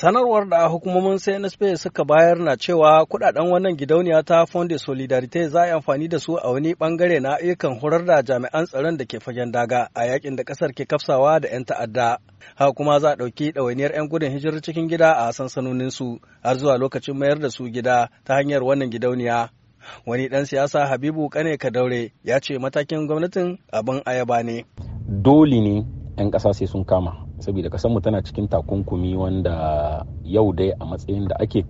Sanarwar da hukumomin CNSP suka bayar na cewa kudaden wannan gidauniya ta Fonde Solidarite za a yi amfani da su a wani bangare na ayyukan horar da jami'an tsaron da ke fagen daga a yakin da kasar ke kafsawa da 'yan ta'adda. Ha kuma za a ɗauki ɗawainiyar 'yan gudun hijirar cikin gida a sansanonin su, har zuwa lokacin mayar da su gida ta hanyar wannan gidauniya. Wani ɗan siyasa Habibu Kane Kadaure ya ce matakin gwamnatin abin ayaba ne. Dole ne 'yan ƙasa sai sun kama saboda mu tana cikin takunkumi wanda yau dai a matsayin da ake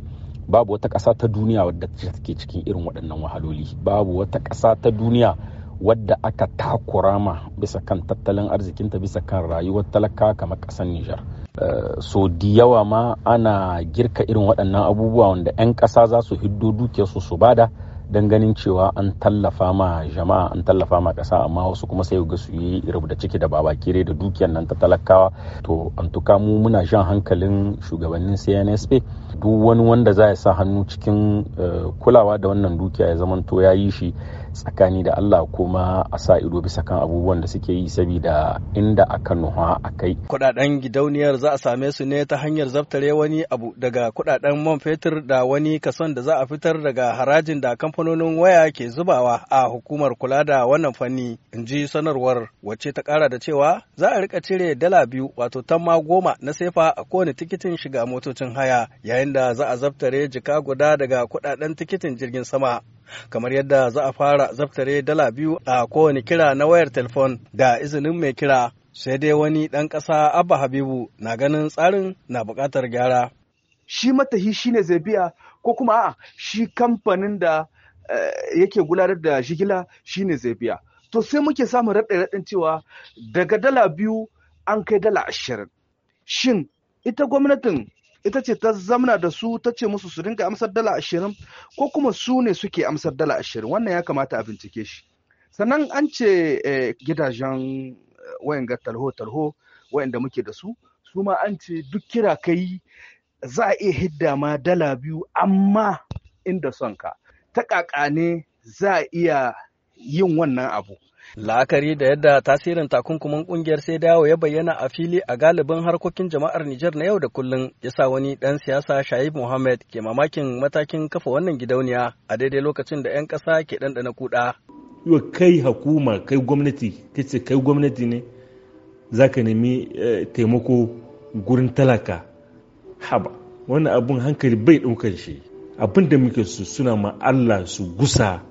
babu wata ƙasa ta duniya wadda take cikin irin waɗannan wahaloli babu wata ƙasa ta duniya wadda aka takura ma bisa kan tattalin arzikinta bisa kan rayuwar talaka kamar ƙasar Nijar. Eh, so di yawa ma ana girka irin waɗannan abubuwa wanda 'yan ƙasa za su hiddo dukiyarsu su bada don ganin cewa an tallafa ma jama'a an tallafa ma ƙasa amma wasu kuma sai ga su yi rubuta ciki da baba kire da dukiyar nan ta talakawa to an tuka mu muna jan hankalin shugabannin CNSP duk wani wanda za ya sa hannu cikin eh, kulawa da wannan dukiya ya zamanto ya yi shi tsakani da Allah kuma a sa ido bisa kan abubuwan da suke yi saboda inda aka nuha a kai. Kudaden gidauniyar za a same su ne ta hanyar zaftare wani abu daga kudaden man fetur da wani kason da za a fitar daga harajin da kamfanonin waya ke zubawa a hukumar kula da wannan fanni in ji sanarwar wacce ta kara da cewa za a rika cire dala biyu wato tamma goma na sefa a kowane tikitin shiga motocin haya yayin da za a zaftare jika guda daga kudaden tikitin jirgin sama kamar yadda za a fara zaftare dala biyu a kowane kira na wayar telefon da izinin mai kira sai dai wani ɗan ƙasa abba habibu na ganin tsarin na buƙatar gyara shi matahi shine zai biya ko kuma a'a shi kamfanin da eh, yake gudanar da shigila shine zai biya to sai muke samun raɗe raɗin cewa daga dala biyu an kai dala ashirin shin ita gwamnatin ita ce ta zamna da su ta ce musu su dinga amsar dala ashirin ko kuma su ne suke amsar dala ashirin wannan ya kamata a bincike shi sannan an ce eh, gidajen eh, wayan ga talho-talho wayanda muke da su su ma an ce duk kira kai za a iya hidda ma dala biyu amma inda son ka ta ƙaƙa ne za a iya yin wannan abu La'akari da yadda tasirin takunkumin kungiyar sai dawo ya bayyana a fili a galibin harkokin jama'ar Nijar na yau da kullum ya sa wani ɗan siyasa Shaib Mohammed ke mamakin matakin kafa wannan gidauniya a daidai lokacin da 'yan ƙasa ke ɗanɗana kuɗa. Yau kai hukuma kai gwamnati kace kai gwamnati ne zaka nemi eh, taimako gurin talaka haba wannan abun hankali bai ɗaukar shi abin da muke su suna ma Allah su gusa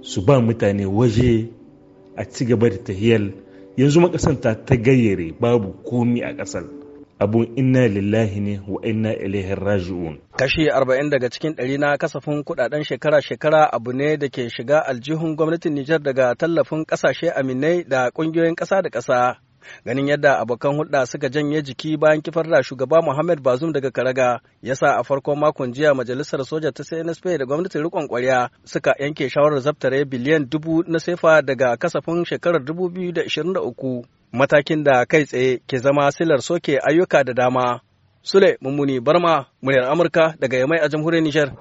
su ba mutane waje a ci gaba da tahiyal yanzu makasanta ta gayyare babu komi a ƙasar abun inna lillahi ne wa inna ilaihi raji'un kashi 40 daga cikin ɗari na kasafin kudaden shekara-shekara abu ne da ke shiga aljihun gwamnatin Nijar daga tallafin ƙasashe aminai da ƙungiyoyin ƙasa da ƙasa ganin yadda abokan hulɗa suka janye jiki bayan kifar da shugaba Muhammad Bazum daga Karaga ya sa a farkon makon jiya majalisar soja ta CNSP da gwamnatin rikon kwarya suka yanke shawarar zabtare biliyan dubu na sefa daga kasafin shekarar 2023 matakin da kai tsaye ke zama silar soke ayyuka da dama. Sule Mummuni Barma, muryar Amurka daga Yamai a jamhuriyar Nijar.